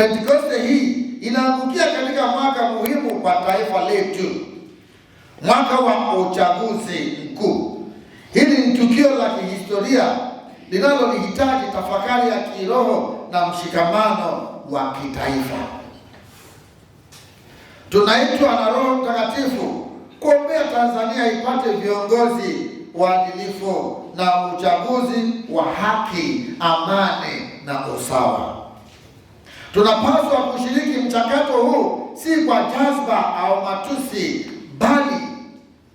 Pentekoste hii inaangukia katika mwaka muhimu kwa taifa letu, mwaka wa uchaguzi mkuu. Hili ni tukio la kihistoria linalohitaji tafakari ya kiroho na mshikamano wa kitaifa. Tunaitwa na Roho Mtakatifu kuombea Tanzania ipate viongozi waadilifu na uchaguzi wa haki, amani na usawa. Tunapaswa kushiriki mchakato huu si kwa jazba au matusi, bali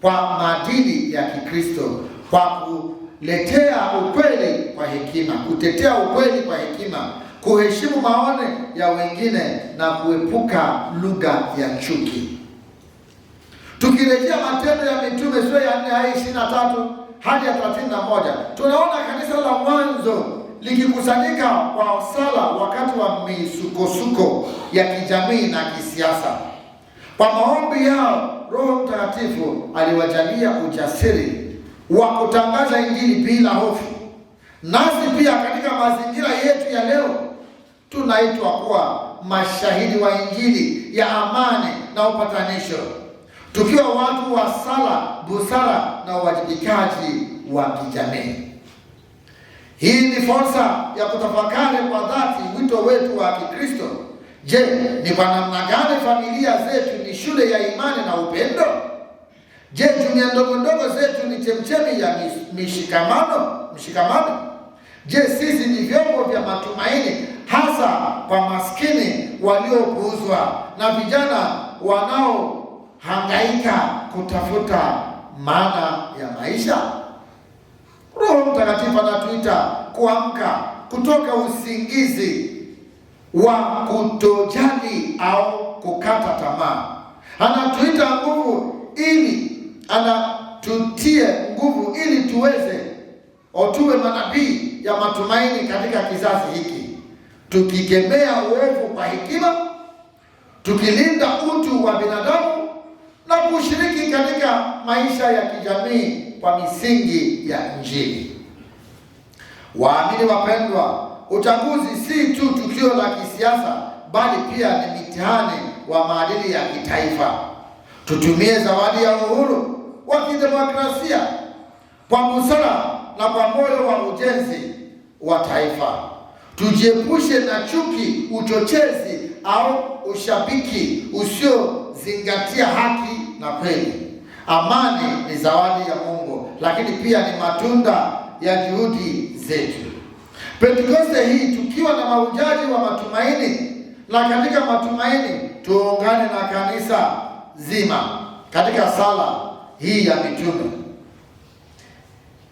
kwa maadili ya Kikristo, kwa kuletea ukweli kwa hekima, kutetea ukweli kwa hekima, kuheshimu maoni ya wengine na kuepuka lugha ya chuki. Tukirejea Matendo ya Mitume sura ya 4 hadi 23 hadi ya 31, tunaona kanisa la mwanzo likikusanyika kwa sala wakati wa misukosuko ya kijamii na kisiasa. Kwa maombi yao, Roho Mtakatifu aliwajalia ujasiri wa kutangaza Injili bila hofu. Nasi pia katika mazingira yetu ya leo tunaitwa kuwa mashahidi wa Injili ya amani na upatanisho, tukiwa watu wa sala, busara na uwajibikaji wa kijamii. Hii ni fursa ya kutafakari kwa dhati wito wetu wa Kikristo. Je, ni kwa namna gani familia zetu ni shule ya imani na upendo? Je, jumuiya ndogo ndogo zetu ni chemchemi ya mishikamano mshikamano? Je, sisi ni vyombo vya matumaini hasa kwa maskini waliopuuzwa na vijana wanaohangaika kutafuta maana ya maisha? Mtakatifu anatuita kuamka kutoka usingizi wa kutojali au kukata tamaa. Anatuita nguvu ili anatutie nguvu ili tuweze otuwe manabii ya matumaini katika kizazi hiki, tukikemea uovu kwa hekima, tukilinda utu wa binadamu na kushiriki katika maisha ya kijamii kwa misingi ya Injili. Waamini wapendwa, uchaguzi si tu tukio la kisiasa, bali pia ni mitihani wa maadili ya kitaifa. Tutumie zawadi ya uhuru wa kidemokrasia kwa busara na kwa moyo wa ujenzi wa taifa. Tujiepushe na chuki, uchochezi au ushabiki usiozingatia haki na kweli. Amani ni zawadi ya Mungu, lakini pia ni matunda ya juhudi zetu. Pentekoste hii tukiwa na maujaji wa matumaini, na katika matumaini tuungane na kanisa zima katika sala hii ya mitume.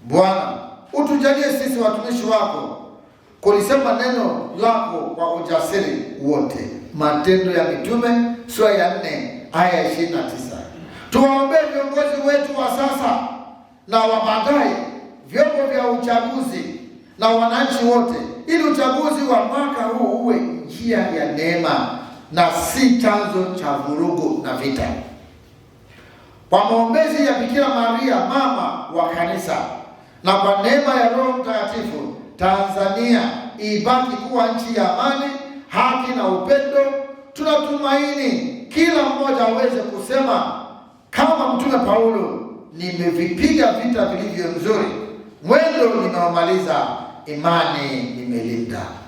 Bwana, utujalie sisi watumishi wako kulisema neno lako kwa ujasiri wote. Matendo ya Mitume sura ya 4 aya ishirini Tuwaombee viongozi wetu wa sasa na wa baadaye vyombo vya uchaguzi na wananchi wote, ili uchaguzi wa mwaka huu uwe njia ya neema na si chanzo cha vurugu na vita. Kwa maombezi ya Bikira Maria mama wa kanisa na kwa neema ya Roho Mtakatifu, Tanzania ibaki kuwa nchi ya amani, haki na upendo. Tunatumaini kila mmoja aweze kusema kama Mtume Paulo, nimevipiga vita vilivyo nzuri mwendo ninaomaliza, imani imelinda.